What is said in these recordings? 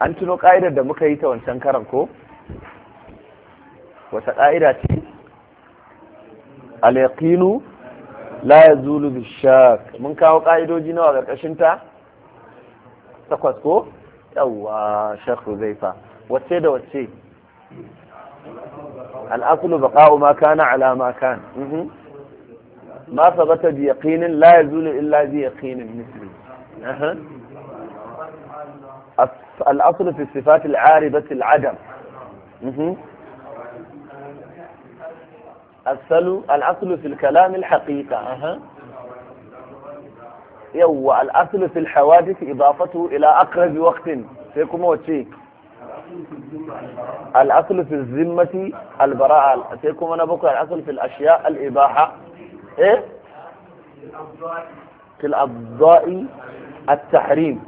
an tuno ƙa'idar da muka yi ta wancan karan ko wata ƙa'ida ce alaƙinu la ya zulu bishak mun kawo ƙa'idoji nawa ƙarƙashin ta takwas ko yawwa shakku zai fa wacce da wacce al'akulu baqa'u ma kana ala ma kan mhm. ma sabata bi yaqinin la ya zulu illa bi yaqinin misli الأصل في الصفات العارضة العدم السلو الأصل في الكلام الحقيقة أها يوى الأصل في الحوادث إضافته إلى أقرب وقت فيكم وشي الأصل في الذمة البراءة فيكم أنا بكرة الأصل في الأشياء الإباحة إيه في الأضاء التحريم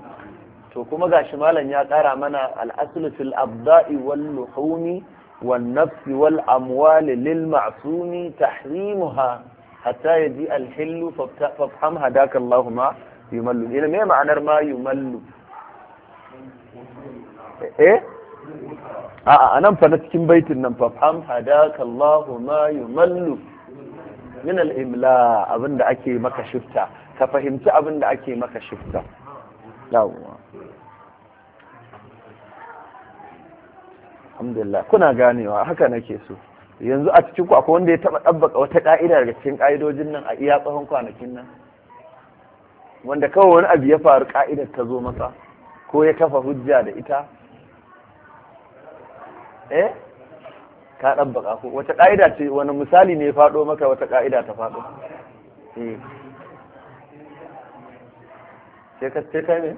to kuma gashi malam ya ƙara mana al'aslu fil abda'i wal luhumi wan nafsi wal amwali lil ma'sumi tahrimuha hatta yaji al hillu fafham hadaka Allahumma yumallu ina me ma'anar ma yumallu eh a nan fa na cikin baitin nan fafham hadaka Allahumma yumallu min al imla abinda ake maka shifta ka fahimci abinda ake maka shifta yawwa alhamdulillah kuna ganewa haka nake so yanzu a cikin ku akwai wanda ya taba dabbaka wata ka'ida daga cikin ka'idojin nan a iya tsahon kwanakin nan wanda kawai wani abu ya faru ka'idar ta zo masa ko ya kafa hujja da ita eh ka dabbaka ko wata ka'ida ce wani misali ne ya fado maka wata ka'ida ta fado eh sai ka ce kai ne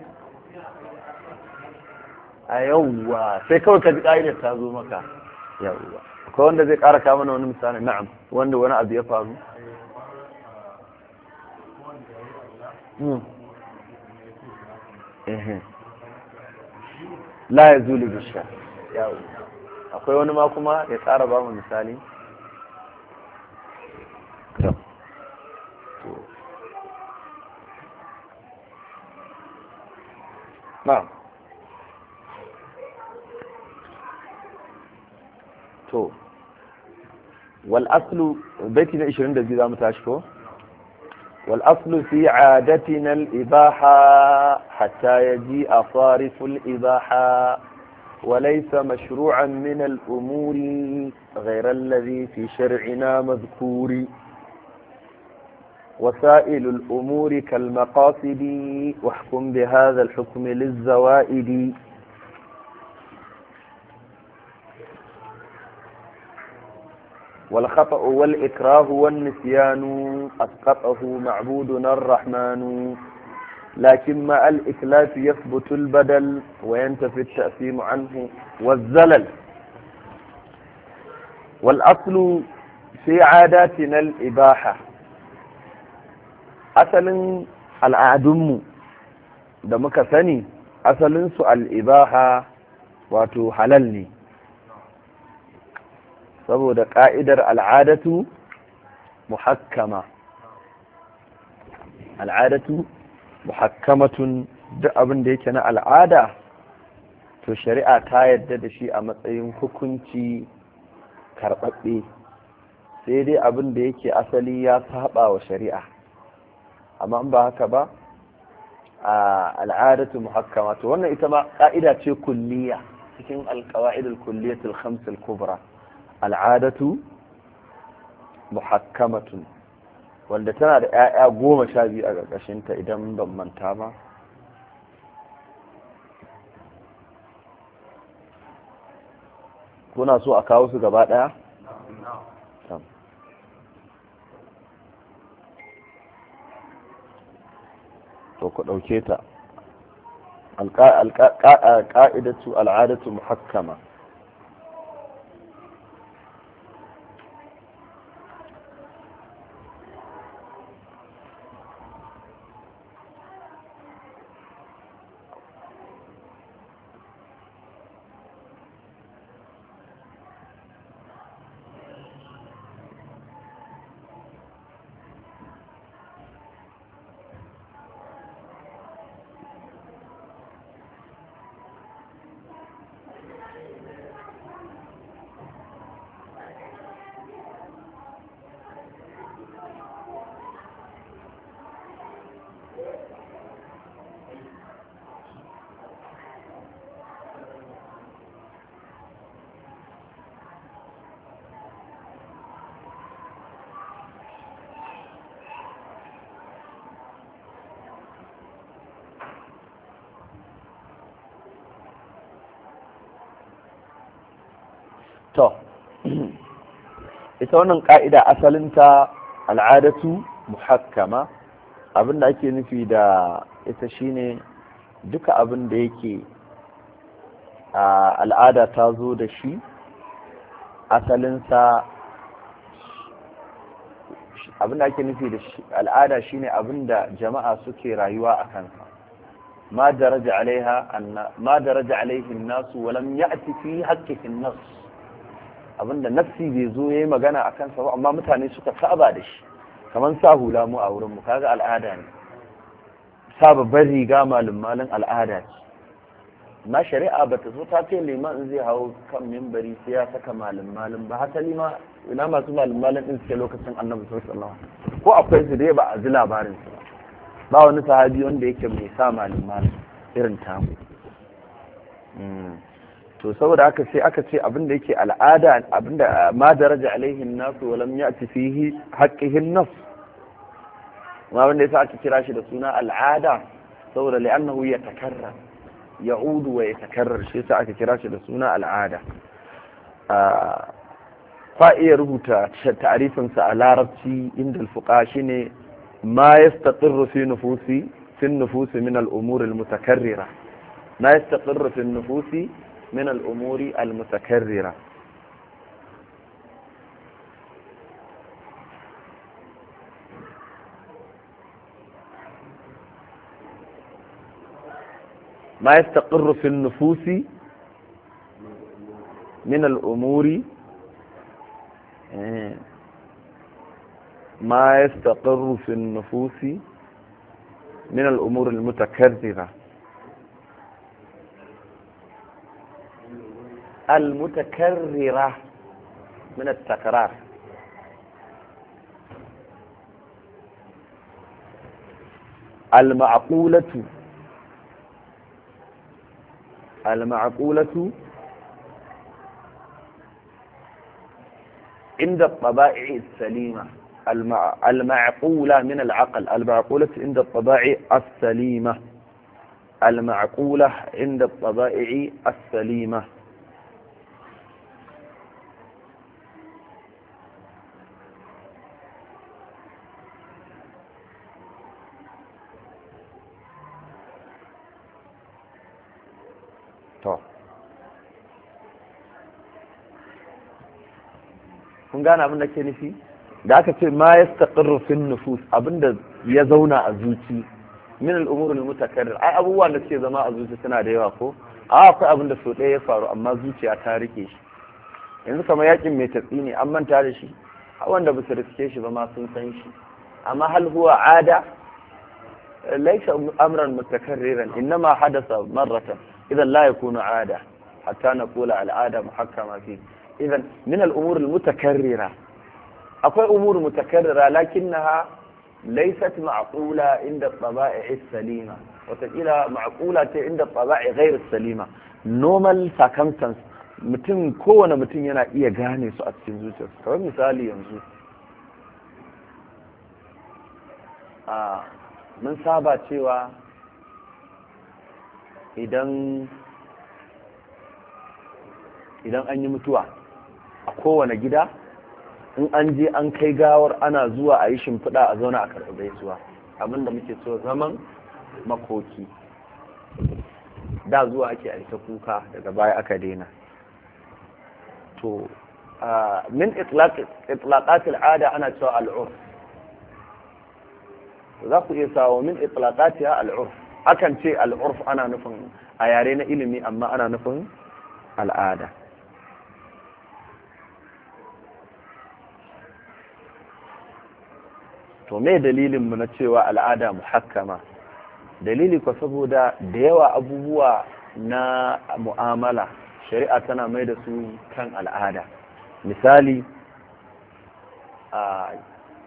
a yawwa sai kawai ka ji ƙa'idar ta zo maka yawwa akwai wanda zai ƙara kama na wani misali na'am wanda wani abu ya faru hmm. la ya zuli bisha yawwa akwai wani ma kuma ya ƙara ba mu misali na'am to wal aslu baiti na 22 zamu tashi ko wal aslu fi adatina al ibaha hatta yaji ibaha وليس مشروعا من الأمور غير الذي في شرعنا مذكور وسائل الأمور كالمقاصد واحكم بهذا الحكم للزوائد والخطأ والإكراه والنسيان أسقطه معبودنا الرحمن لكن مع الإكلاف يثبت البدل وينتفي التأثيم عنه والزلل والأصل في عاداتنا الإباحة أصل الأعدم دمك ثني أصل سؤال إباحة wato حللني saboda ƙa'idar al'adatu muhakkama al'adatu muhakkamatun duk abin da yake na al'ada to shari'a ta yadda da shi a matsayin hukunci karɓaɓɓe sai dai abin da yake asali ya saba wa shari'a amma ba haka ba a al'adatu muhakkamatu wannan ita ma ƙa'ida ce kulliya cikin alƙawa'idul kulliyatul khamsul kubra al'adatu muhakkamatun wanda tana da 'ya'ya goma sha biyu a ƙarƙashinta idan ban manta ba kuna so a kawo su gaba ɗaya? to ku ɗauke ta alƙa'idatu al'adatu muhakkama ita wannan ka'ida asalinta al'adatu muhakkama abin da ake nufi da ita shine duka abin da yake al'ada ta zo da shi asalinsa abin da ake nufi da al'ada shine abin da jama'a suke rayuwa a kansa ma daraja alaiha ma daraja alaihin nasu walam ya'ti fi haƙƙin nasu abinda nafsi bai zo ya yi magana a kansa ba amma mutane suka saba da shi kamar sa hula mu a wurin mu kaga al'ada ne sa babbar riga malum malin al'ada ce Na shari'a ba ta zo ta ce liman zai hau kan mimbari sai ya saka malin malin ba haka ma ina masu malin malin din suke lokacin annabi sallallahu alaihi wasallam ko akwai su dai ba a ji labarin su ba wani sahabi wanda yake mai sa malin malin irin tamu hmm. to saboda haka sai aka ce abin da yake al'ada abin da eh, ma daraja alaihin nasu walam ya ya'ti fihi haƙƙihin nas ma wanda yasa aka kira shi da suna al'ada saboda li'annahu ya takarra ya udu wa ya takarra shi yasa aka kira shi da suna al'ada ah, fa iya rubuta sa a larabci inda alfuqa shine ma yastaqirru fi nufusi fi nufusi min al umuri al-mutakarrira ma yastaqirru fi nufusi من الأمور المتكررة ما يستقر في النفوس من الأمور آه، ما يستقر في النفوس من الأمور المتكررة المتكررة من التكرار المعقولة المعقولة عند الطبائع السليمة المعقولة من العقل المعقولة عند الطبائع السليمة المعقولة عند الطبائع السليمة gane abin da ke nufi da aka ce ma ya staƙirru fin nufus da ya zauna a zuci min al'umuru ne mutakarrir ai abubuwan da suke zama a zuci suna da yawa ko a akwai abin da sau ɗaya ya faru amma zuciya ta rike shi yanzu kamar yakin mai tatsi ne an manta da shi a wanda ba su riske shi ba ma sun san shi amma hal huwa ada laisa amran mutakarriran innama hadasa marratan idan la yakunu ada hatta naqula al'ada muhakkama fi idan min al'umur mutakarrira akwai umur mutakarrira lakinnaha laysat ma'qula inda tabai salima watakila ma'qula ce inda tabai ghairu salima normal circumstance mutum kowane mutum yana iya gane su a cikin zuciyarsa kawai misali yanzu a mun saba cewa idan idan an yi mutuwa a kowane gida in an je an kai gawar ana zuwa a yi shimfiɗa a zauna a karɓi gaisuwa abinda muke so zaman makoki da zuwa ake a kuka daga baya aka daina to min itlaƙat al'ada ana cewa al'ur za ku iya sawo min ya al'ur akan ce al'urf ana nufin a yare na ilimi amma ana nufin al'ada to me dalilin mu na cewa al'ada muhakkama dalili ko saboda da yawa abubuwa na mu'amala shari'a tana mai da su kan al'ada misali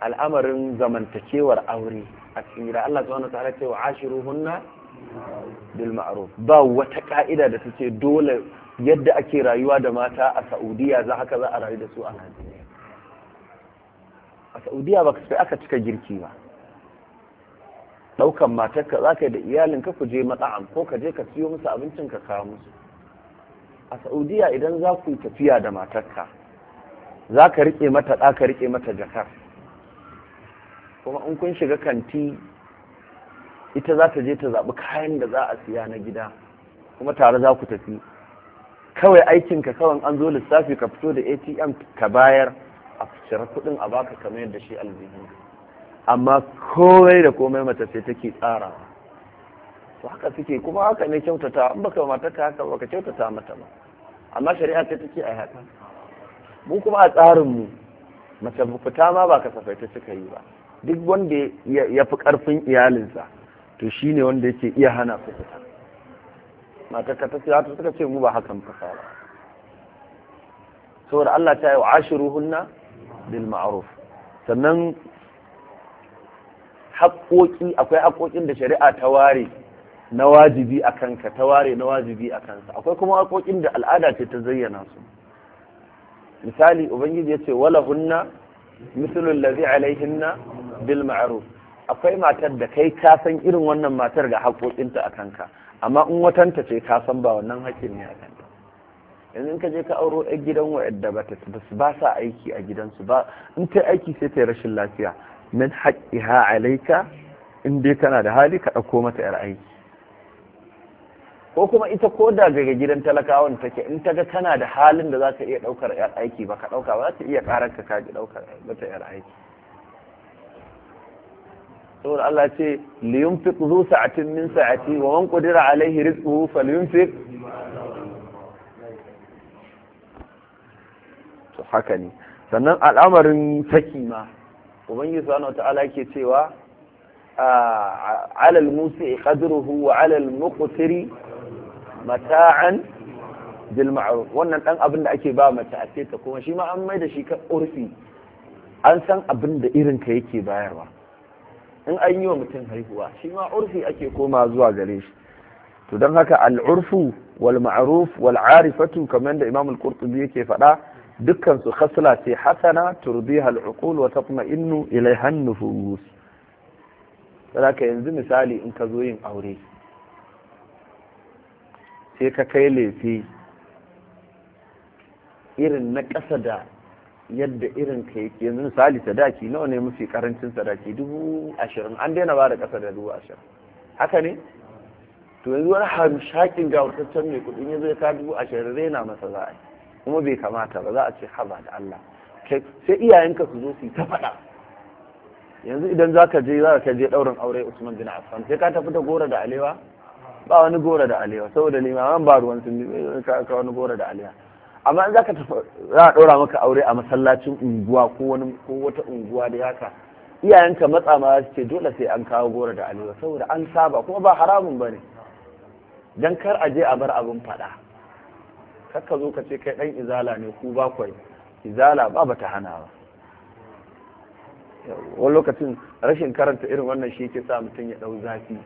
al'amarin zamantakewar aure a cikin Allah subhanahu ta'ala ce wa ashiruhunna bil ma'ruf ba wata ka'ida da tace dole yadda ake rayuwa da mata a Saudiya za haka za a rayu da su a Najeriya a saudiya ba sai aka cika girki ba ɗaukan matarka za ka yi da iyalinka ku je matsa'am ko ka je ka siyo musu abincin ka kawo musu a saudiya idan za ku tafiya da matarka za ka riƙe mata ɗa ka riƙe mata jakar kuma in kun shiga kanti ita za ta je ta zaɓi kayan da za a siya na gida kuma tare za ku tafi kawai aikinka kawai an zo lissafi ka fito da atm ka bayar a cire kuɗin a baka kamar yadda shi aljihu amma komai da komai mace sai take tsara to haka suke kuma haka ne kyautata an baka mata ka haka baka kyautata mata ba amma shari'a ta take a haka mu kuma a tsarin mu mace fita ma ba kasafai ta suka yi ba duk wanda ya fi karfin iyalinsa to shine wanda yake iya hana su fita ka ta ta suka ce mu ba hakan fasa ba saboda Allah ta yi wa hunna bil ma'ruf sannan haƙoƙi akwai haƙoƙin da shari'a ta ware na wajibi a kanka ta ware na wajibi a kansa akwai kuma haƙoƙin da al'ada ce ta zayyana su misali ubangiji ya ce wala hunna mislul ladhi alaihinna bil ma'ruf akwai matar da kai ka san irin wannan matar ga haƙoƙinta a kanka amma in watanta ce ka san ba wannan haƙƙin ne a kanka yanzu ka je ka auro a gidan wa'adda ba ta ba sa aiki a gidansu ba in ta aiki sai ta yi rashin lafiya min ha alaika in dai kana da hali ka ɗauko mata yar aiki ko kuma ita ko da daga gidan talakawan take in ta ga kana da halin da za ta iya ɗaukar yar aiki ba ka ɗauka ba za ta iya ƙarar ka kaji ɗaukar mata yar aiki saboda Allah ce liyunfiq zu sa'atin min sa'ati wa man qadira alaihi rizquhu falyunfiq haka ne sannan al'amarin saki ma ubangiji subhanahu ala ke cewa al musi qadruhu wa al muqtiri mata'an bil ma'ruf wannan dan abin da ake ba mace a ta kuma shi ma an mai da shi ka urfi an san abin da irin ka yake bayarwa in an yi wa mutum haihuwa shi ma urfi ake koma zuwa gare shi to don haka al'urfu wal ma'ruf wal arifatu kamar da imam al-qurtubi yake faɗa dukkan su khasla ce hasana turbiha al-uqul wa tatma'innu ilayha an-nufus saboda yanzu misali in ka zo yin aure sai ka kai lefe irin na ƙasa da yadda irin ka yake yanzu misali sadaki nawa ne mafi karancin sadaki dubu ashirin an daina ba da ƙasa da dubu ashirin haka ne to yanzu wani harshakin ga wutaccen mai kudin ya zai ka dubu ashirin raina masa za a yi kuma bai kamata ba za a ce haba da Allah sai iyayenka su zo su ta faɗa yanzu idan za ka je za ka je ɗaurin aure Usman bin Affan sai ka tafi da gora da alewa ba wani gora da alewa saboda ma ba ruwan sun ka wani gora da alewa amma in za ka tafi za a ɗora maka aure a masallacin unguwa ko wani ko wata unguwa da haka iyayenka matsa ma su ce dole sai an kawo gora da alewa saboda an saba kuma ba haramun ba ne dan kar a je a bar abin faɗa kakka zo ka ce kai ɗan izala ne ku ba izala ba ba ta hana ba wani lokacin rashin karanta irin wannan shi ke sa mutum ya ɗau zafi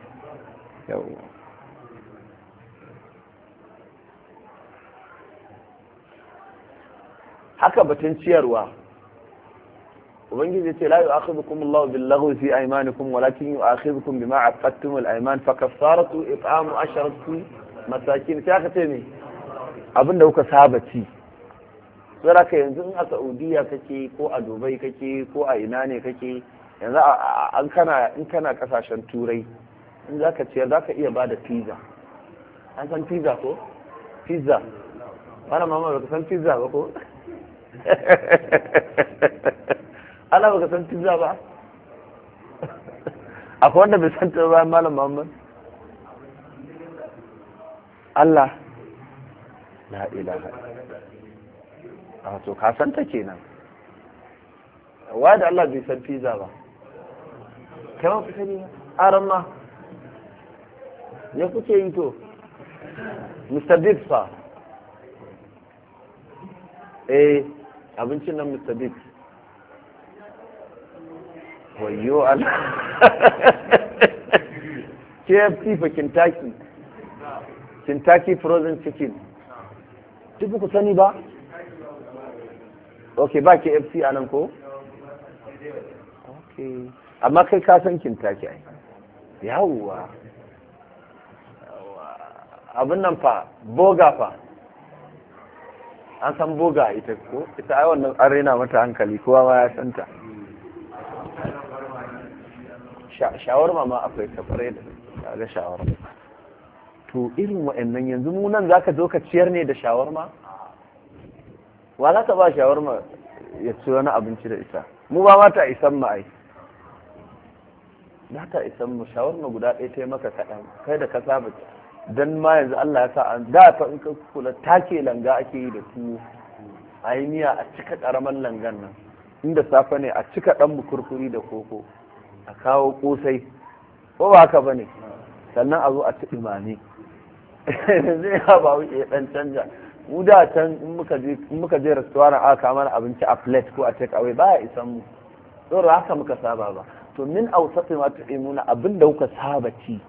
haka batun ciyarwa ubangiji ce la yu'akhidhukum Allahu bil laghwi fi aymanikum walakin yu'akhidhukum bima aqadtum al ayman fa kaffaratu it'amu asharati masakin ta ka ce ne abin da kuka saba ci ka yanzu a saudiya kake ko a dubai kake ko a ina ne kake yanzu an kana in kana kasashen turai in za ka ciyar za ka iya ba da pizza an san pizza ko pizza wani mama ba ka san pizza ba ko ana ba ka san pizza ba akwai wanda bai san ta bayan malam muhammad Allah la ilaha a to ka san ta kenan wa da Allah bai san fiza ba kai ma ku sani aran ma ya kuke yi to Mr. Biggs fa eh abincin nan Mr. Biggs wayo Allah KFC fa Kentucky Kentucky frozen chicken duk ku sani ba ok ba ke fc a nan ko ok amma kai ka san kintaki ai yawwa abin nan fa boga fa an san boga ita ko ita ai wannan an rena mata hankali kowa ma ya santa shawarma ma akwai ta da ga shawarma to irin wa'annan yanzu mu nan zaka zo ka ciyar ne da shawarma wa za ka ba shawarma ya ci wani abinci da ita mu ba mata isan mu ai za ta isan mu shawarma guda ɗaya ta yi maka kaɗan kai da ka saba dan ma yanzu Allah ya sa an da ta in ka kula take langa ake yi da tuwo a yi miya a cika ƙaramin langan nan inda safe ne a cika ɗan bukurkuri da koko a kawo ƙosai ko ba haka ba ne sannan a zo a ci imani. zai ya wuce dan canja mu da can in muka je in a aka abinci a plate ko a take away ba ya isan mu don haka muka saba ba to min awsati ma abin da kuka saba ci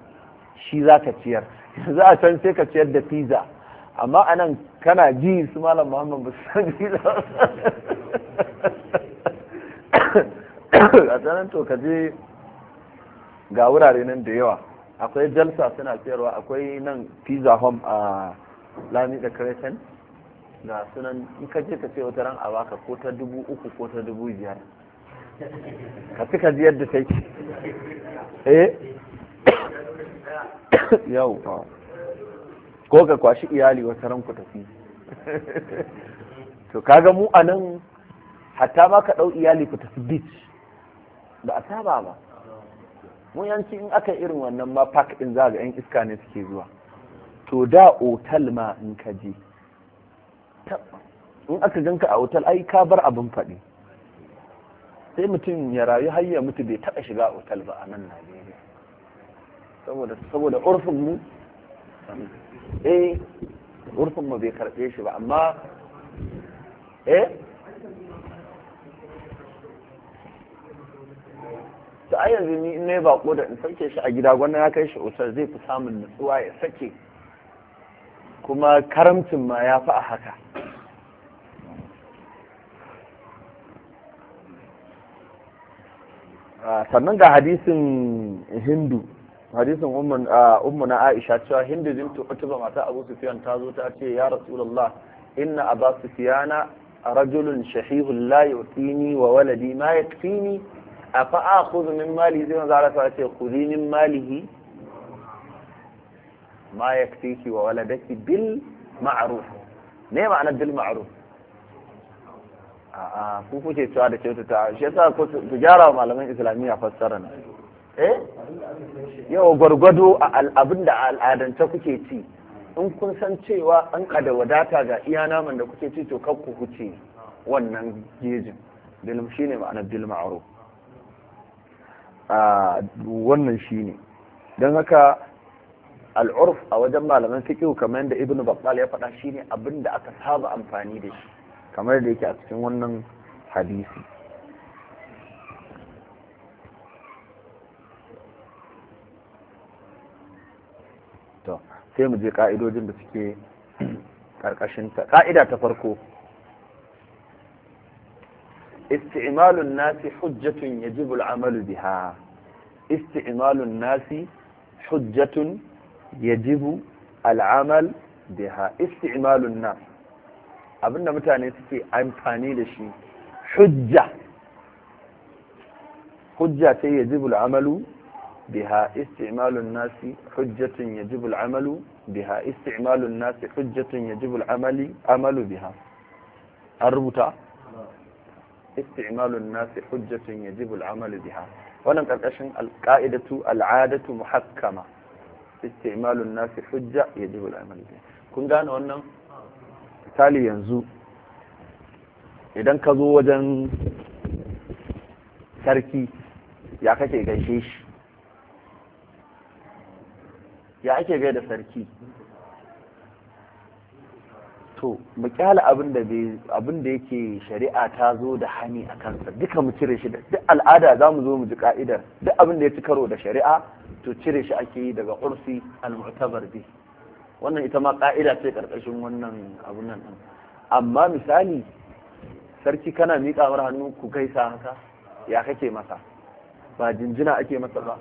shi za ka ciyar yanzu a can sai ka ciyar da pizza amma anan kana ji su malam muhammad ba san pizza a tsanan to ka je ga wurare nan da yawa akwai jalsa suna sayarwa akwai nan pizza home a lami da crescent na sunan in ka je ka ce wata ran a baka ko ta dubu uku ko ta dubu biyar ka fi ka ji yadda ta yi eh yau ko ka kwashi iyali wata ran ku tafi to kaga mu a nan hatta ma ka ɗau iyali ku tafi beach ba a saba ba mun yanci in aka irin wannan ma park din za ga yan iska ne suke zuwa to da otal ma in ka je in aka ganka a otal ai ka bar abin faɗi sai mutum ya rayu har ya mutu bai taɓa shiga otal ba a nan Najeriya saboda saboda urfin mu eh urfin mu bai karɓe shi ba amma eh to a yanzu ni in nayi bako da in sake shi a gida gwanda ya kai shi usar zai fi samun nutsuwa ya sake kuma karamcin ma ya fi a haka ah, sannan ga hadisin hindu hadisin ummu ah, na aisha cewa hindu jin tuba mata abu sufiyan ta zo ta ce ya rasulullah inna abu sufiyana rajulun shahihun la yutini wa waladi ma tsini. a fa'a kuzu min mali zai wanzu ala ce kuzi min malihi ma ya ki wa waladaki bil ma'aruf ne ma'anar bil ma'aruf a'a ku kuke cewa da ta shi yasa ku gyara wa malaman islamiyya fassara na eh yau gwargwado a abin da al'adance kuke ci in kun san cewa an kada wadata ga iya naman da kuke ci to kanku ku huce wannan gejin shi ne ma'anar bil ma'aruf. a wannan shi ne. don haka al'urf a wajen malaman fiqh kamar yadda Ibn Babbar ya faɗa shine abin da aka saba amfani da shi kamar da yake a cikin wannan hadisi sai mu je ka'idojin da suke ƙarƙashinta ƙa'ida ta farko استعمال الناس حجة يجب العمل بها استعمال الناس حجة يجب العمل بها استعمال الناس أبنا متاني في عم لشي حجة حجة يجب العمل بها استعمال الناس حجة يجب العمل بها استعمال الناس حجة يجب العمل عمل بها الربطة isti'malun nasi hujjatun yajibu al'amalu biha wannan karkashin alqa'idatu al'adatu muhakkama isti'malun nasi hujja yajibu al'amalu biha kun gane wannan misali yanzu idan ka zo wajen sarki ya kake gaishe shi ya ake gaida sarki to mu kyala abin da abin da yake shari'a ta zo da hani a kansa duka mu cire shi da duk al'ada za mu zo mu ji ka'idar duk abin da ya ci karo da shari'a to cire shi ake yi daga ƙursi al-mu'tabar bi wannan ita ma ka'ida ce karkashin wannan abun nan din amma misali sarki kana miƙa mar hannu ku gaisa haka ya kake masa ba jinjina ake masa ba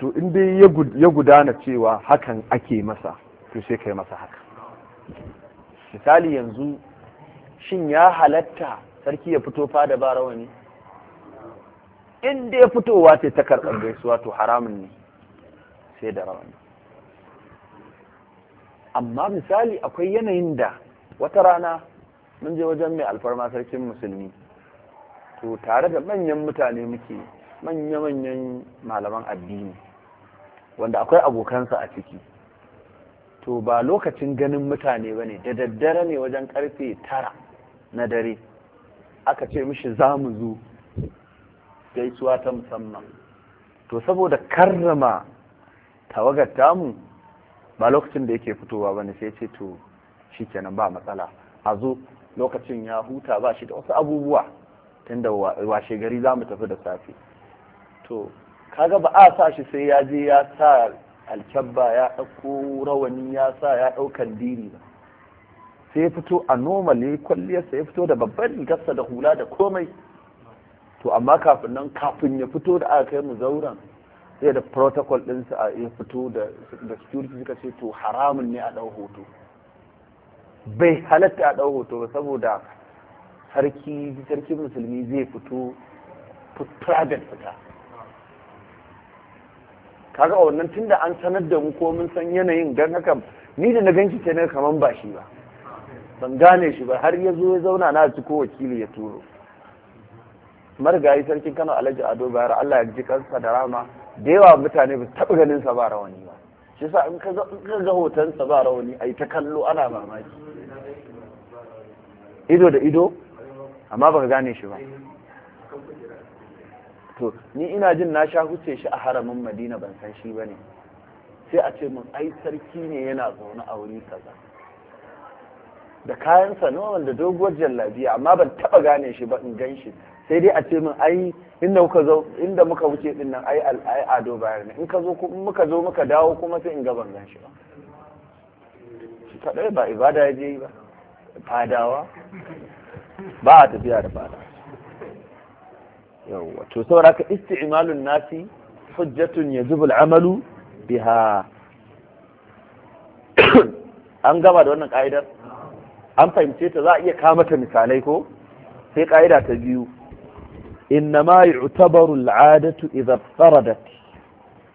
to in dai ya gudana cewa hakan ake masa to sai kai masa haka misali yanzu shin ya halatta sarki ya fito fada ba rawani in dai fitowa ce ta karɓar gaisuwa to haramun ne sai da rawani amma misali akwai yanayin da wata rana mun je wajen mai alfarma sarkin musulmi to tare da manyan mutane muke manya-manyan malaman addini wanda akwai abokansa a ciki to ba lokacin ganin mutane ba ne da daddare ne wajen karfe tara na dare aka ce mishi za mu zo gaisuwa ta musamman to saboda karrama tawagar tamu ba lokacin da yake fitowa ba ne sai ce to shi kenan ba matsala a zo lokacin ya huta ba shi da wasu abubuwa tunda washe gari za mu tafi da safe to kaga ba a sa shi sai ya je ya sa Alkabba ya ɗauko rawani ya sa ya ɗaukar diri ba sai ya fito a normal ya kwalliyarsa ya fito da babban gasa da hula da komai to amma kafin nan kafin ya fito da aka kai mu zauren sai da protocol ɗinsa a ya fito da security suka ce to haramun ne a ɗau hoto bai halatta a ɗau hoto ba saboda sarki sarkin musulmi zai fito private fita kaga a tun da an sanar da mu ko mun san yanayin don haka ni da na ganki ce ne kaman ba shi ba ban gane shi ba har ya zo ya zauna na ci ko wakili ya turo marigayi sarkin kano alhaji ado bayar allah ya ji kansa da rama da yawa mutane ba taɓa ganin sa ba rawani ba shi sa in ka ga hotonsa ba rawani a yi ta kallo ana mamaki ido da ido amma ba ka gane shi ba to ni ina jin na sha huce shi a haramin madina ban san shi bane sai a ce mun ai sarki ne yana zaune a wuri kaza da kayansa na da doguwar jallabiya amma ban taba gane shi ba in ganshi sai dai a ce min ai inda muka zo inda muka wuce din nan ai ai ado bayar ne in ka zo muka zo muka dawo kuma sai in ga ban gan ba shi kadai ba ibada ya je ba fadawa ba a tafiya da fada yawwa to ka isti'malun nasi hujjatun yajibul amalu biha an gaba da wannan ka'idar an fahimce ta za a iya kamata misalai ko sai ka'ida ta biyu innama yu'tabaru al'adatu idza faradat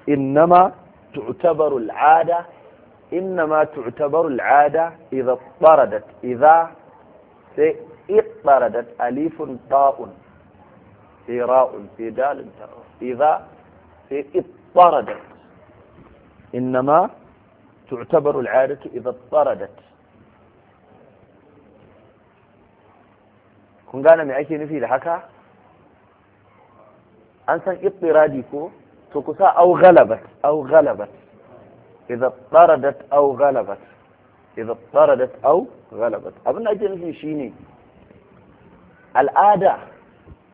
innama tu'tabaru al'ada innama tu'tabaru al'ada idza faradat sai alifun ta'un في راء في دال إذا في اضطردت إنما تعتبر العادة إذا اضطردت كون قانا من أيكي نفيد حكا أنسان اضطرادكو تكسا أو غلبت أو غلبت إذا اضطردت أو غلبت إذا اضطردت أو غلبت أبنى أجل في شيني الآدة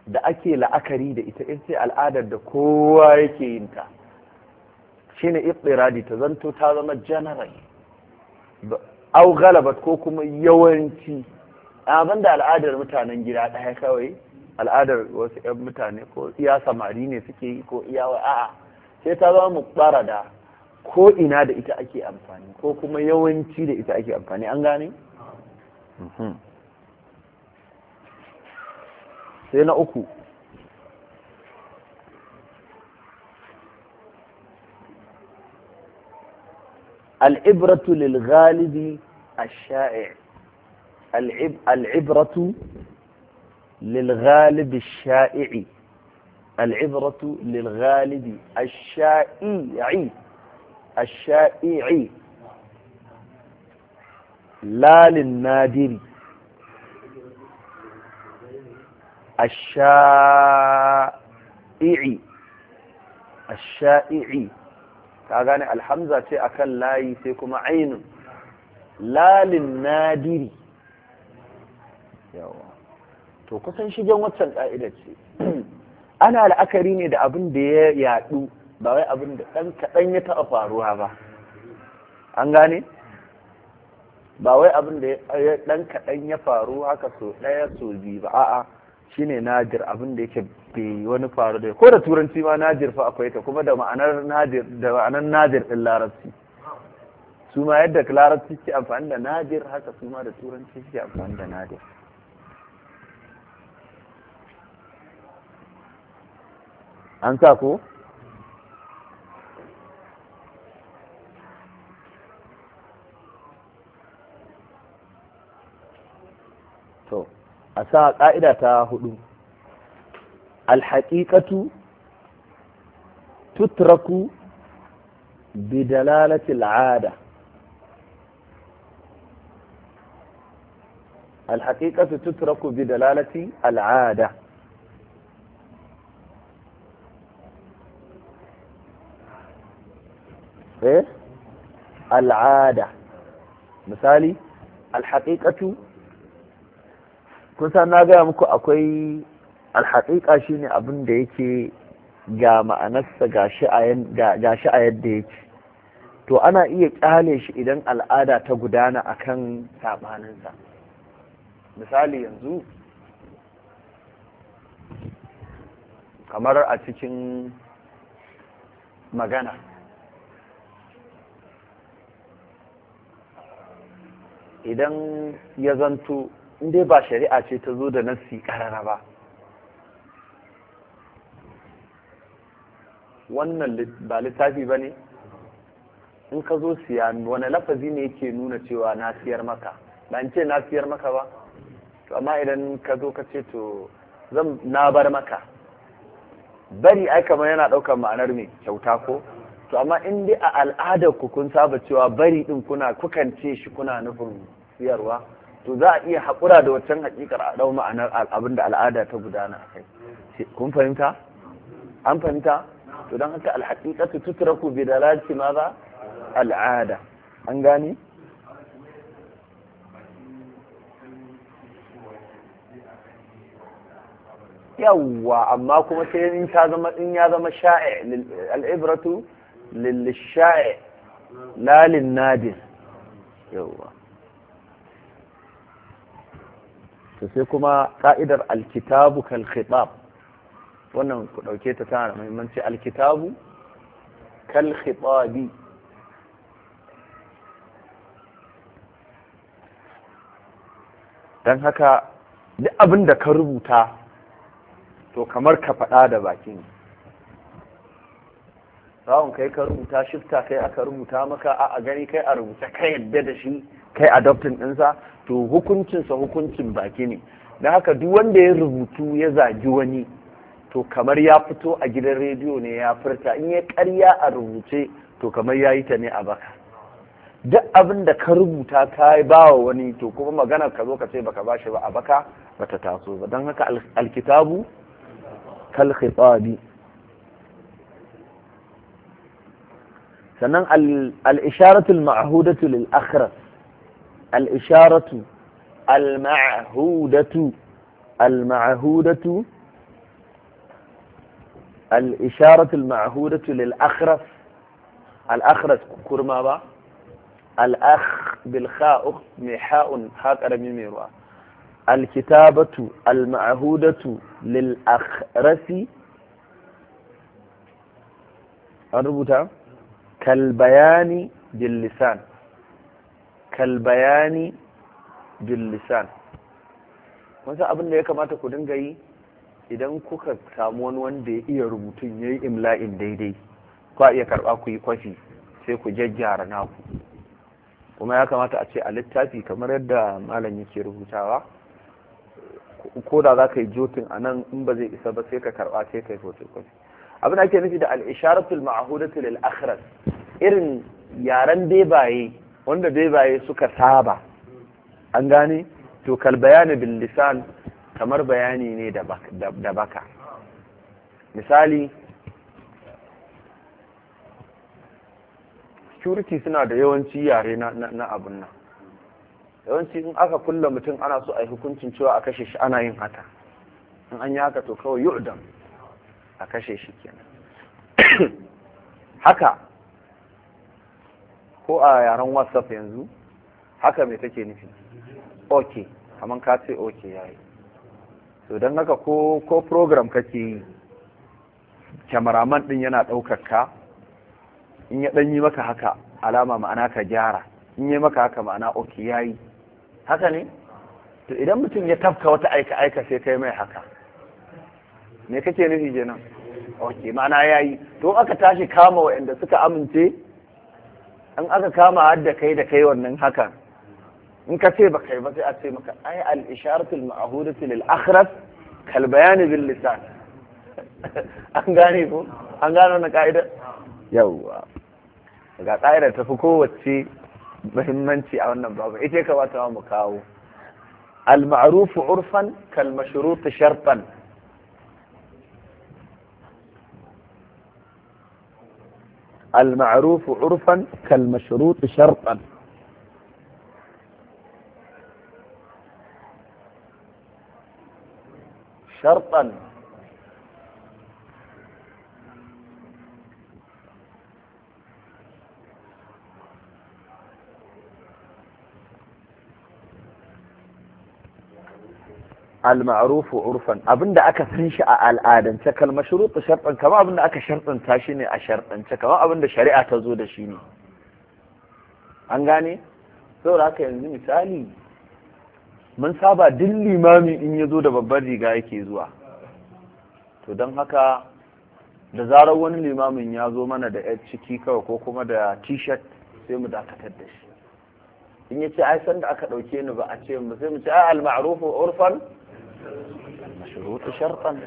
da ake la'akari da ita in ce al'adar da kowa yake yin ta shine iftiradi ta zanto ta zama general au galabat ko kuma yawanci abin da al'adar mutanen gida ɗaya kawai al'adar wasu 'yan mutane ko iya samari ne suke yi ko iya a'a sai ta zama mu da ko ina da ita ake amfani ko kuma yawanci da ita ake amfani an gane? Mhm. sai na العبرة للغالب الشائع العب العبرة للغالب الشائع العبرة للغالب الشائعي الشائعي لا للنادر asha'i'i asha'i'i ka gane alhamza ce akan layi sai kuma ainun lalin nadiri yawa to kusan shigen waccan ka'idar ce ana la'akari ne da abin da ya yadu ba wai abin da ɗan kaɗan ya taɓa faruwa ba an gane ba wai abin da ɗan kaɗan ya faru haka so ɗaya so biyu ba a'a shine ne abin da yake bai wani faru da ko da turanci ma Najir fa akwai ta kuma da ma'anar Najir da ma'anar Najir din larabci su ma yadda larabci ke amfani da Najir haka su ma da turanci ke amfani da Najir, an sa ko to a sa ƙa'ida ta hudu alhaƙiƙatu tutraku bidalalati al'ada alhaƙiƙatu tutraku bidalalati al'ada eh al'ada misali alhaƙiƙatu kusa na gaya muku akwai alhaƙiƙa ne abin da yake ga ma'anarsa ga shi a yadda yake to ana iya ƙyale shi idan al'ada ta gudana a kan saɓaninsa misali yanzu kamar a cikin magana idan ya zanto in dai ba shari'a ce ta zo da nassi karara ba wannan ba littafi ba ne in ka zo siya wani lafazi ne yake nuna cewa na siyar maka ba in ce na siyar maka ba to amma idan ka zo ka ce to zan na bar maka bari ai kamar yana ɗaukar ma'anar mai kyauta ko to amma in dai a al'adar ku kun saba cewa bari din kuna kukan ce shi kuna nufin siyarwa to za a iya haƙura da waccan haƙiƙar a ɗau ma'anar abin da al'ada ta gudana a kai kun fahimta an fahimta to don haka alhaƙiƙatu ku bi ma za al'ada an gane yawwa amma kuma sai in ta zama in ya zama sha'i al'ibratu lil sha'i la lin nadir yawwa to sai kuma ka'idar alkitabu kal khitab wannan ku dauke ta tana muhimmanci alkitabu kal khitabi dan haka duk abin da ka rubuta to kamar ka faɗa da bakin rawun kai ka rubuta shifta kai aka rubuta maka a gani kai a rubuta kai yadda da shi kai adoptin ɗinsa to hukuncinsa hukuncin baki ne dan haka duk wanda ya rubutu ya zagi wani to kamar ya fito a gidan rediyo ne ya furta in ya karya a rubuce to kamar ya yi ta ne a baka duk abin da ka rubuta ka ba wa wani to kuma magana ka zo ka ce baka bashi ba a baka ba ta taso ba don haka alkitabu kal khitabi sannan al-isharatul ma'hudatu lil akhras الإشارة المعهودة المعهودة الإشارة المعهودة للأخرف الأخرف كرما با الأخ بالخاء محاء حاك أرمي ميروا الكتابة المعهودة للأخرس أربطة كالبيان باللسان kalbayani billisan wasu abin da ya kamata ku dinga yi idan kuka samu wani wanda ya iya rubutun ya yi imla'in daidai a iya karɓa ku yi kwafi sai ku jajjara naku kuma ya kamata a ce a littafi kamar yadda malam yake rubutawa ko da za ka yi jotin a nan in ba zai isa ba sai ka karɓa sai ka yi fotokofi abin ake nufi da al'isharatul ma'ahudatul al'akhiras irin yaren bebaye wanda dai baye suka saba an gane to kal bayani bil lisan kamar bayani ne da baka misali security suna da yawanci yare na abun nan yawanci in aka kulla mutum ana so a yi hukuncin cewa a kashe shi ana yin haka in an yi haka to kawai yu'dam a kashe shi kenan haka ko a yaren whatsapp yanzu haka mai take nufi ok kamar ka ce ok yayi to don haka ko ko program kake yi kyamaraman din yana daukar ka in ya ɗan yi maka haka alama ma'ana ka gyara in yi maka haka ma'ana ok yayi haka ne to idan mutum ya tafka wata aika aika sai kai mai haka me kake nufi kenan ok ma'ana yayi to aka tashi kama wa'anda suka amince in aka kama har da kai da kai wannan haka in ka ce ba kai ba sai a ce maka ai al isharatul ma'hudatu lil akhras kal bayani bil lisan an gane ko an gane wannan ka'ida yawwa ga ka'ida ta fi kowace muhimmanci a wannan babu ita ka wata mu kawo al ma'ruf urfan kal mashrut shartan المعروف عرفا كالمشروط شرطا شرطا المعروف عرفا urfan abinda aka san shi a al'adance kal shuruɗu shartan kama abinda aka shartanta shi ne a shartance kama abinda shari'a ta zo da shi ne an gane saboda haka yanzu misali mun saba duk limami in ya zo da babbar riga yake zuwa to don haka da zarar wani limamin ya zo mana da yar ciki kawai ko kuma da t-shirt sai mu dakatar da shi in ya ce ai san da aka ɗauke ni ba a ce mu sai mu ce ai al-ma'rufu urfan mashrutu shartan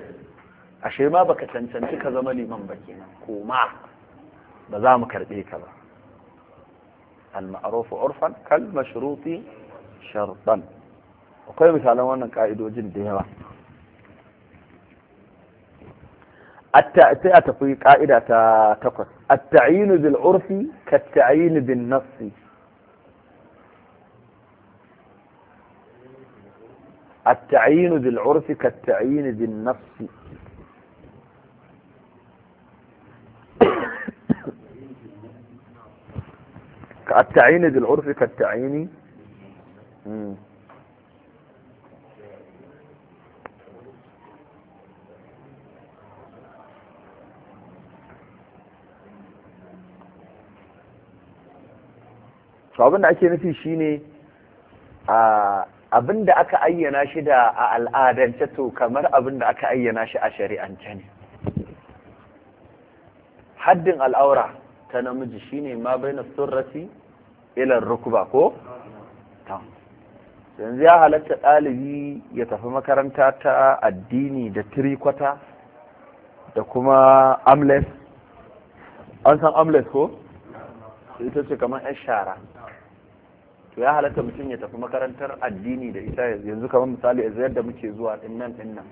ashe ma baka cancanci ka zama neman ba nan. koma ba za mu karbe ka ba al-ma'rufu urfan kal mashruti shartan akwai misalan wannan ka'idojin da yawa sai a tafi ka'ida ta takwas at-ta'yinu bil urfi kat-ta'yin bin nassi التعيين بالعرف كالتعيين بالنفس التعيين بالعرف كالتعيين مم. عشان في ake abin da aka ayyana shi da a al'adance to kamar abin da aka ayyana shi a shari'ance ne haddin al'aura ta namiji shine ma baina surrati ilar rukuba ko yanzu ya halatta ɗalibi ya tafi makaranta ta addini da tirikwata da kuma amles an san amles ko ita ce kamar 'yan shara to ya halatta mutum ya tafi makarantar addini da ita yanzu kamar misali yanzu yadda muke zuwa din nan din nan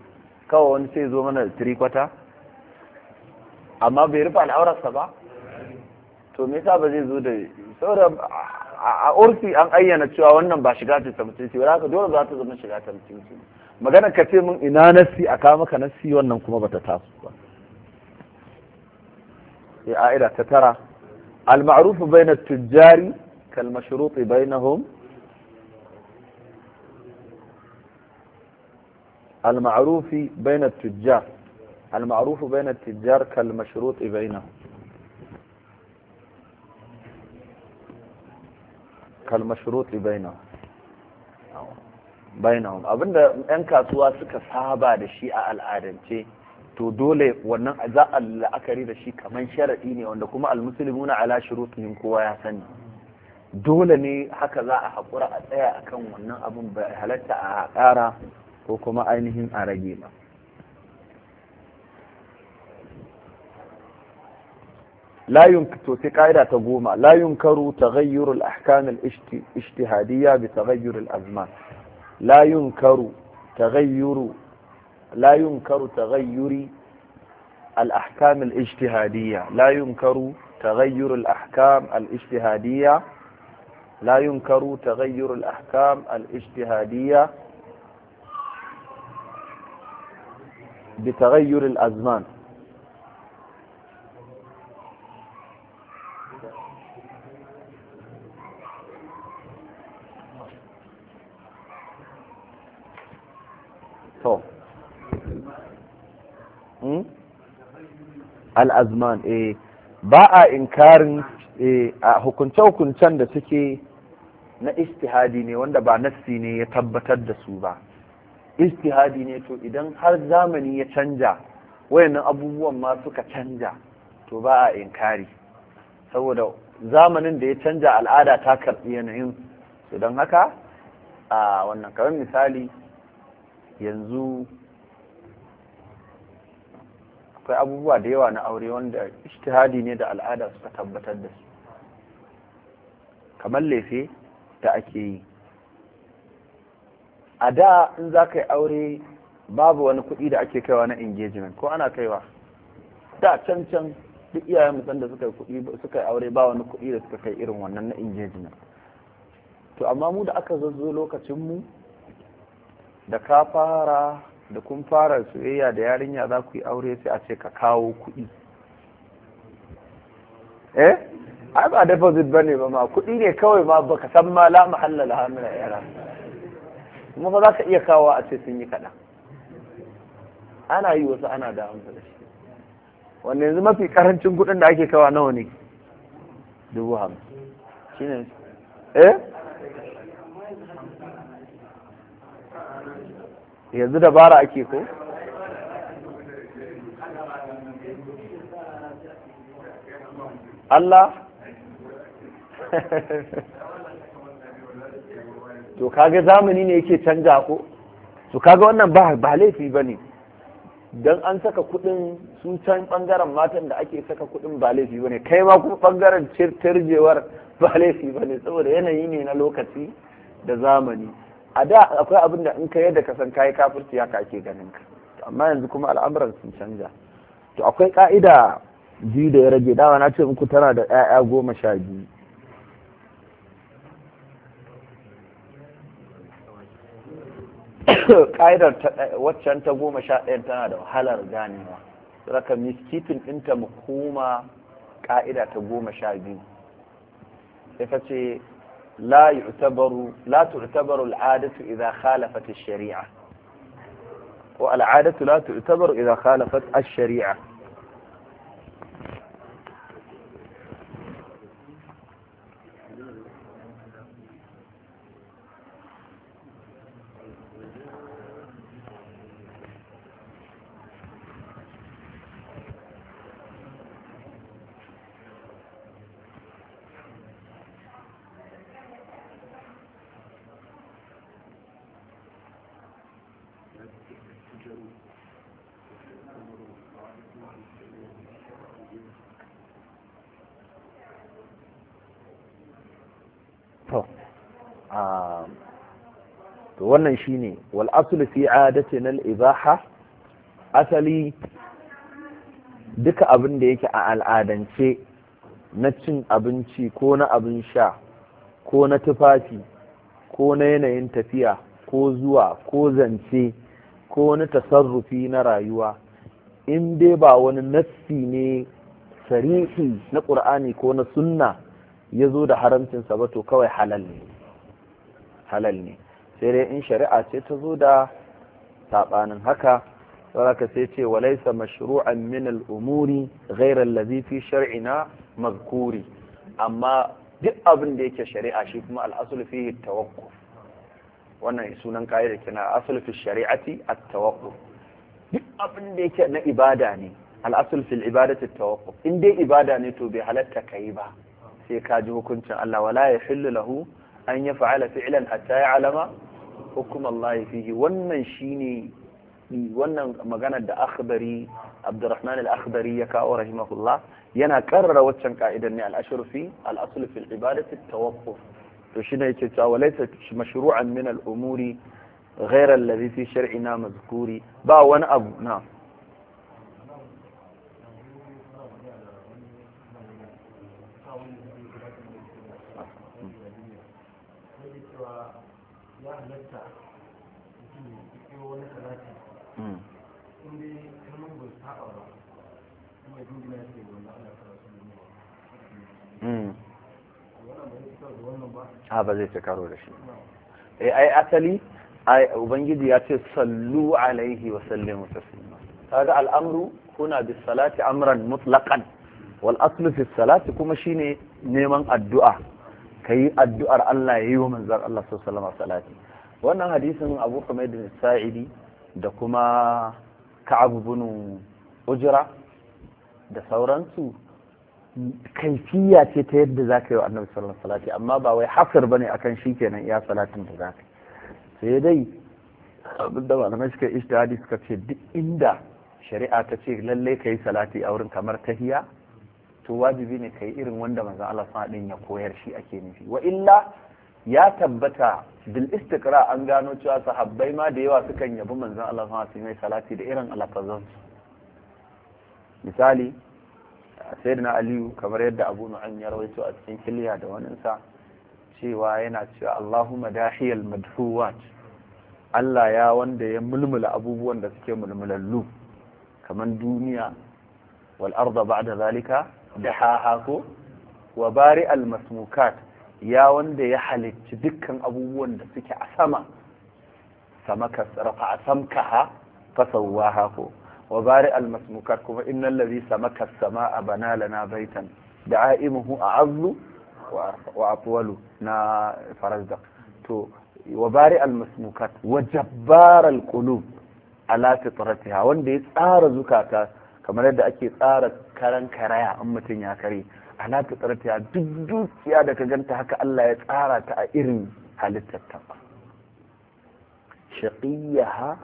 kawai wani sai zo mana da amma bai rufe al'aurarsa ba to me yasa ba zai zo da saboda a urfi an ayyana cewa wannan ba shiga ta mutunci ba haka dole za ta zama shiga ta mutunci magana ka ce min ina nasi a kawo maka nasi wannan kuma bata taso ba ya a'ida ta tara al-ma'ruf bayna tujjari كالمشروط بينهم المعروف بين التجار المعروف بين التجار كالمشروط بينهم كالمشروط بينهم bainahum abinda yan kasuwa suka saba da shi a al'adance to dole wannan za a la'akari da shi kamar sharaɗi ne wanda kuma almusulmuna ala shurutihim kowa ya sani dole ne haka za a haƙura a tsaya a kan wannan abin ba halatta a ƙara ko kuma ainihin a rage ba layun to sai ka'ida ta goma layun karu ta gayyurul ahkamil ishtihadiyya bi ta gayyurul azman layun karu ta gayyuru layun karu ta gayyuri الأحكام الاجتهادية لا ينكر تغير الأحكام الاجتهادية لا ينكر تغير الأحكام الاجتهادية بتغير الأزمان طب. الأزمان إيه باء إنكار إيه hukunce-hukuncen da suke na istihadi ne wanda ba nassi ne ya tabbatar da su ba istihadi ne to idan har zamani ya canja wayannan abubuwan ma suka canja to ba a inkari saboda zamanin da ya canja al'ada ta karɓi yanayin su don haka a wannan kamar misali yanzu akwai abubuwa da yawa na aure wanda istihadi ne da al'ada suka tabbatar da su kamar lefe da ake yi a da in za ka yi aure babu wani kuɗi da ake kaiwa na engagement ko ana kaiwa da can can duk iyayen musan da suka yi aure ba wani kuɗi da suka kai irin wannan na engagement to amma mu da aka zazzo lokacin mu da ka fara da kun fara soyayya da yarinya za ku yi aure sai a ce ka kawo kuɗi eh ai ba deposit bane ba ma kuɗi ne kawai ma baka san ma la mahalla laha min yara kuma fa zaka iya kawo a ce sun yi kaɗan ana yi wasu ana da amsa da shi wanda yanzu mafi karancin kuɗin da ake kawa nawa ne dubu hamsin shine eh yanzu dabara ake ko Allah to kaga zamani ne yake canja ko to kaga wannan ba ba laifi bane dan an saka kudin su can bangaren matan da ake saka kudin ba laifi bane kai ma kuma bangaren tarjewar ba laifi bane saboda yanayi ne na lokaci da zamani a da akwai abin da in ka yadda ka san kai kafirci ya ka ake ganin ka amma yanzu kuma al'amuran sun canja to akwai ka'ida biyu da ya rage dawa na ce muku tana da 'ya'ya goma sha biyu ƙa'idar waccan ta goma sha ɗayan tana da wahalar ganewa raka miskitin ɗinta mu koma ƙa'ida ta goma sha biyu sai ta ce la tu'tabaru al'adatu idza khalafat sharia ko al'adatu la tu'tabaru idza khalafat sharia wannan shine wal aslu fi adatina al ibaha asali duka abin da yake a al'adance na cin abinci ko na abin sha ko na tufafi ko na yanayin tafiya ko zuwa ko zance ko na tasarrufi na rayuwa in dai ba wani nassi ne sarihi na ƙur'ani ko na sunna ya zo da haramcinsa ba to kawai halal ne sai dai in shari'a ce ta zo da saɓanin haka saraka sai ce walaisa mashru'an min al'umuri ghairar lazifi shar'ina mazkuri amma duk abin da yake shari'a shi kuma al'asul fihi tawakkuf wannan sunan ka'ida kina asul fi shari'ati at-tawakkuf duk abin da yake na ibada ne al'asul fil ibadati at-tawakkuf in dai ibada ne to bai halatta kai ba sai ka ji hukuncin Allah wala yahillu lahu an yaf'ala fi'lan hatta ya'lama hukumallahi fihi wannan shine wannan maganar da akhbari abdurrahman al-akhbari ya kawo rahimahullah yana karrara waccan ka'idar ne al-ashru fi al-asl fi al-ibadati at-tawaqquf to shine yake cewa walaysa mashru'an min al-umuri ghayra alladhi fi shar'ina mazkuri ba wani abu na'am ya hmm. ba kuma hmm. zai karo da shi eh ai asali ai ubangiji ya ce sallu alaihi wa sallimu taslima kaga al'amru kuna bis salati amran mutlaqan wal aslu fi salati kuma shine neman addu'a ka yi addu'ar Allah ya yi wa manzan Allah su salama salati wannan hadisin abu da sa'idi da kuma ka'abu bin ujira da sauransu kaifiya ce ta yadda za ka yi wa annabi sallallahu salati amma ba wai hasar bane akan shi kenan iya salatin da za ka sai dai abin abinda malamai suka ishtihadi suka ce duk inda shari'a ta ce lallai ka yi salati a wurin kamar tahiya to wajibi ne kai irin wanda manzo Allah sa ya koyar shi ake nufi wa illa ya tabbata bil istiqra an gano cewa sahabbai ma da yawa sukan yabi manzon Allah sa su mai salati da irin alafazan misali sayyidina aliyu kamar yadda abu nu'an ya rawaito a cikin kiliya da wani sa. cewa yana cewa Allahumma dahiyal madhuwat Allah ya wanda ya mulmula abubuwan da suke mulmulallu kamar duniya wal arda ba'da zalika da hahako wabari wa bari almasmukat ya wanda ya halicci dukkan abubuwan da suke a sama samaka rafa samkaha fasawwaha ko wa bari almasmukat kuma innal ladhi samaka a bana na baitan da'imuhu a'azzu wa atwalu na farazda to wa bari almasmukat wa jabbar alqulub ala fitratiha wanda ya tsara zukata kamar yadda ake tsara karan karaya in mutum ya kare ana ta tsarta duk dukiya da ka ganta haka Allah ya tsara ta a irin halittar ta shaqiyaha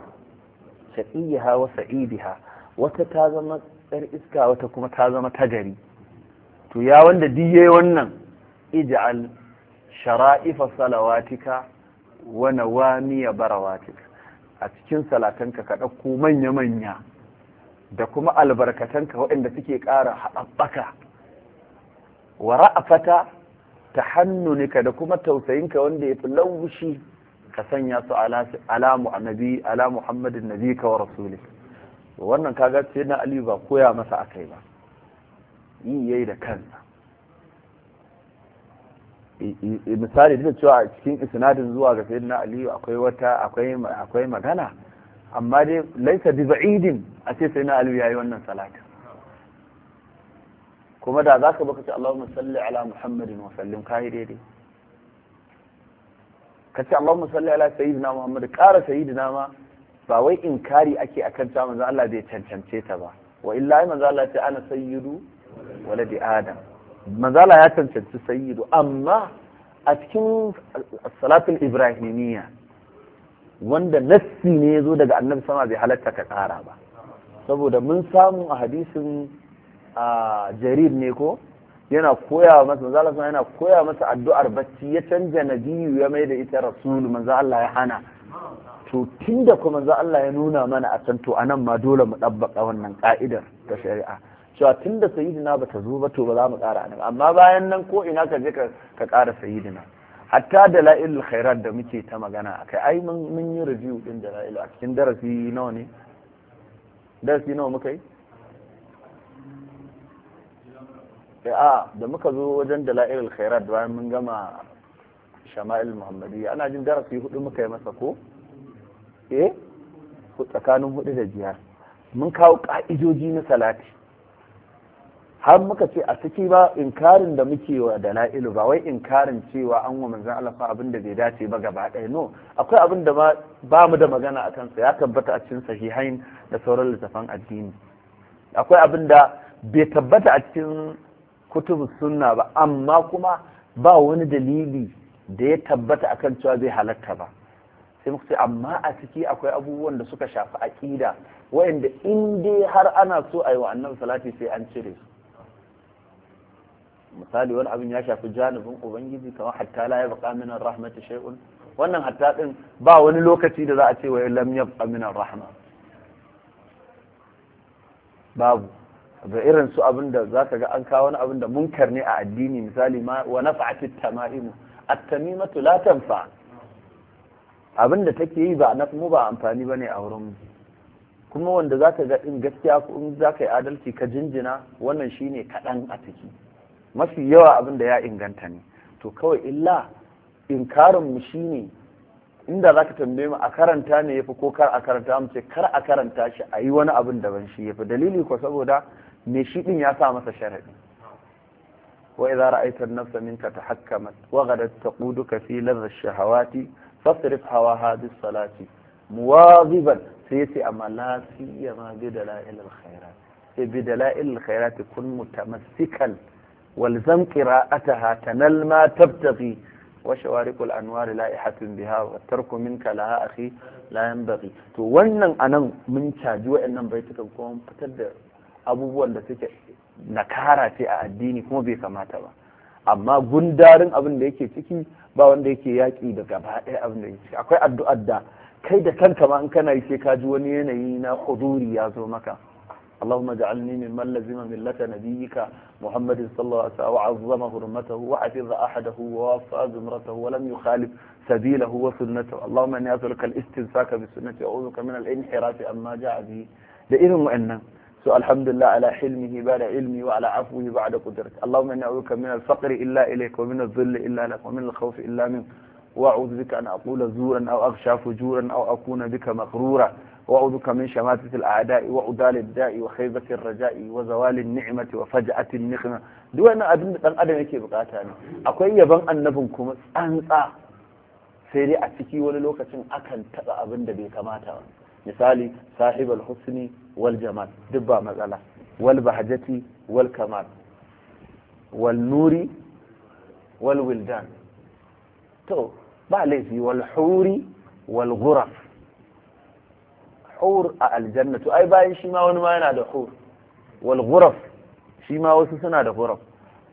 shaqiyaha wa sa'idiha wata ta zama tsar iska wata kuma ta zama tagari to ya wanda diye wannan ij'al shara'ifa salawatika wa nawamiya barawatika a cikin salatanka ka ɗauko manya-manya da kuma ka waɗanda suke ƙara haɓaɓɓaka wa ra'afata ta hannu ne. Ka da kuma tausayinka wanda ya fi laushi ka sanya su ala annabi ala muhammadin nabi ka wa rasuli wannan kaga sai na ali ba koya masa a kai ba yi yayi da kansa misali duk cewa cikin isnadin zuwa ga sayyidina ali akwai wata akwai magana amma dai laisa bi ba'idin a ce sai na aliyu yayi wannan salata kuma da za ka baka ce Allahumma salli ala Muhammadin wa sallim kai daidai ka ce Allahumma salli ala sayyidina Muhammad ƙara sayyidina ma ba wai inkari ake akan ta manzo Allah bai cancance ta ba wa illa manzo Allah ce ana sayyidu waladi Adam manzo Allah ya cancanci sayyidu amma a cikin salatul ibrahimiyya wanda nassi ne ya zo daga annabi sama bai halatta ka tsara ba saboda mun samu a hadisin a jarir ne ko yana koya masa manzo Allah yana koya masa addu'ar bacci ya canja nabiyu ya mai da ita rasulu manzo Allah ya hana to tunda kuma manzo Allah ya nuna mana a can to nan ma dole mu dabbaka wannan ka'idar ta shari'a cewa tunda sayyidina bata zo ba to ba za mu ƙara anan amma bayan nan ko ina ka je ka ƙara sayyidina hatta da la'ilul khairar da muke ta magana akai ai mun yi review din da la'ilu a cikin darasi nawa ne darasi nawa muka yi eh, a da muka zo wajen da la'ilul da bayan mun gama shama'il muhammadiyya ana jin darasi hudu muka yi masa ko eh tsakanin hudu da biyar mun kawo ka'idoji na salati har muka ce a ciki ba inkarin da muke wa dala'ilu ba wai inkarin cewa an wa manzan Allah abin da bai dace ba gaba ɗaya no akwai abin da ba mu da magana a kansa ya tabbata a cikin sahihain da sauran littafan addini akwai abin da bai tabbata a cikin kutubus sunna ba amma kuma ba wani dalili da ya tabbata a kan cewa bai halatta ba sai muka ce amma a ciki akwai abubuwan da suka shafi aƙida wayanda in dai har ana so a yi wa annabi salati sai an cire su misali wani abin ya shafi janibin ubangiji kamar hatta la ya baka minan rahmatu shay'un wannan hatta din ba wani lokaci da za a ce wa lam yabqa minan rahma babu da irin su abin da zaka ga an kawo wani abin da munkar ne a addini misali ma wa naf'atu tamaimu at-tamimatu la tanfa abin da take yi ba na mu ba amfani bane a wurin kuma wanda zaka ga din gaskiya ko in zaka yi adalci ka jinjina wannan shine kadan a ciki mafi yawa abin da ya inganta ne to kawai illa inkarin mu shine inda za ka tambaye mu a karanta ne yafi ko kar a karanta mu ce kar a karanta shi a yi wani abin da ban shi yafi dalili ko saboda me shi din ya sa masa sharadi wa idza ra'aita an-nafsa minka tahakkamat wa ghadat taquduka fi ladh ash-shahawati fasrif Hawa, as salati muwaziban sai yace amma la siyama bi dalail khairat sai bi dalail khairat kun mutamassikan والزم قراءتها تنل ما تبتغي wa الانوار anwar la'ihatun biha wa tarku minka laha akhi to wannan anan mun caji wayannan baitukan kuma fitar da abubuwan da suke nakara ce a addini kuma bai kamata ba amma gundarin abin da yake ciki ba wanda yake yaƙi da gaba ɗaya abin da yake akwai addu'ar da kai da kanka ma in kana yi sai ka ji wani yanayi na kuduri ya zo maka اللهم اجعلني ممن لزم ملة نبيك محمد صلى الله عليه وسلم وعظم حرمته وحفظ أحده ووفى زمرته ولم يخالف سبيله وسنته اللهم أني أسألك الاستنساك بالسنة أعوذك من الانحراف أما جاء به لإذن مؤنة سؤال الحمد لله على حلمه بعد علمي وعلى عفوه بعد قدرته اللهم أني أعوذك من الفقر إلا إليك ومن الذل إلا لك ومن الخوف إلا منك وأعوذ بك أن أقول زورا أو أغشى فجورا أو أكون بك مغرورا وأعوذك من شماتة الأعداء وأدال الداء وخيبة الرجاء وزوال النعمة وفجأة النقمة دو أنا أبن أن أدم يكي بقاتاني أقول يبن أنبن كم أنسى سيري أتكي وللوكة أكل تبع أبن دبي كماتا مثالي صاحب الحسن والجمال دبا مغلا والبهجة والكمال والنور والولدان تو بعليه والحور والغرف الحور الجنة أي باي شما ونمان على حور والغرف شما وسسنا على غرف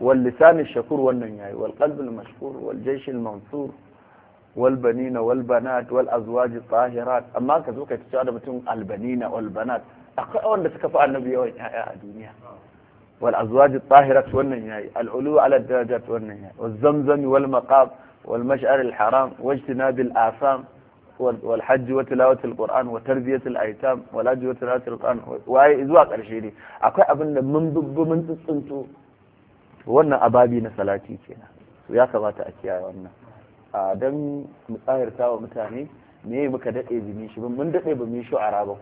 واللسان الشكور والنياي والقلب المشكور والجيش المنصور والبنين والبنات والأزواج الطاهرات أما كذوك تشعر بتون البنين والبنات أقوان بسكفاء النبي يا الدنيا والأزواج الطاهرة والنهاية العلو على الدرجات والنهاية والزمزم والمقاب والمشعر الحرام واجتناب الآثام والحج وتلاوة القرآن وتربية الأيتام والحج وتلاوة القرآن وآي إزواء قرشيني أكوي أبن من ضب من تسنتو وانا أبابي نسلاتي كينا ويا كباتا أكيا وانا آدم مطاهر تاو متاني ne مكدئي بميشو من shi mun daɗe